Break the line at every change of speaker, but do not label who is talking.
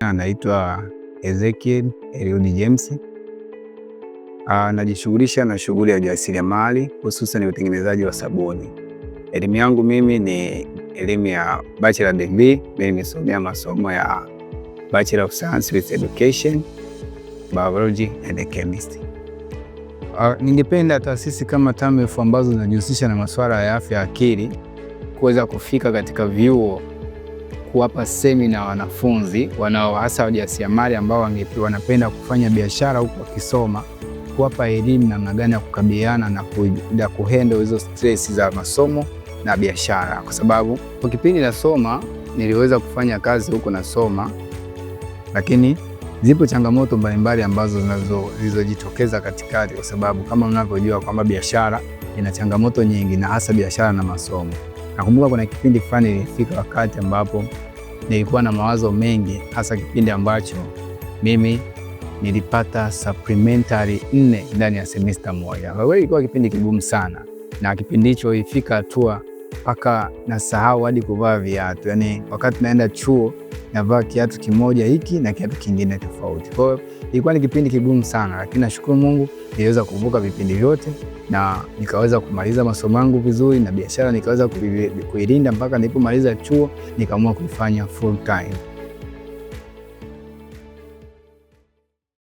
Anaitwa Ezekiel Eliud James. anajishughulisha ah, na shughuli ya ujasiriamali hususan utengenezaji wa sabuni. Elimu yangu mimi ni elimu ya bachelor degree. Mimi nimesomea masomo ya Bachelor of Science with Education, Biology and Chemistry. Uh, ningependa taasisi kama TAMEF ambazo zinajihusisha na masuala ya afya ya akili kuweza kufika katika vyuo kuwapa semina wanafunzi wanao hasa wajasiriamali ambao wanapenda kufanya biashara huku wakisoma, kuwapa elimu namna gani ya kukabiliana na, na kuhandle hizo stress za masomo na biashara, kwa sababu kwa kipindi nasoma niliweza kufanya kazi huku nasoma, lakini zipo changamoto mbalimbali ambazo zilizojitokeza katikati, kwa sababu kama mnavyojua kwamba biashara ina changamoto nyingi na hasa biashara na masomo. Nakumbuka kuna kipindi fulani nilifika wakati ambapo nilikuwa na mawazo mengi, hasa kipindi ambacho mimi nilipata supplementary nne ndani ya semesta moja. Kwa hiyo ilikuwa kipindi kigumu sana, na kipindi hicho ilifika hatua mpaka nasahau hadi kuvaa viatu. Yani wakati naenda chuo navaa kiatu kimoja hiki na kiatu kingine tofauti. Kwa hiyo ilikuwa ni kipindi kigumu sana, lakini nashukuru Mungu niliweza kuvuka vipindi vyote na nikaweza kumaliza masomo yangu vizuri, na biashara nikaweza kuilinda mpaka nilipomaliza chuo, nikaamua kuifanya full time.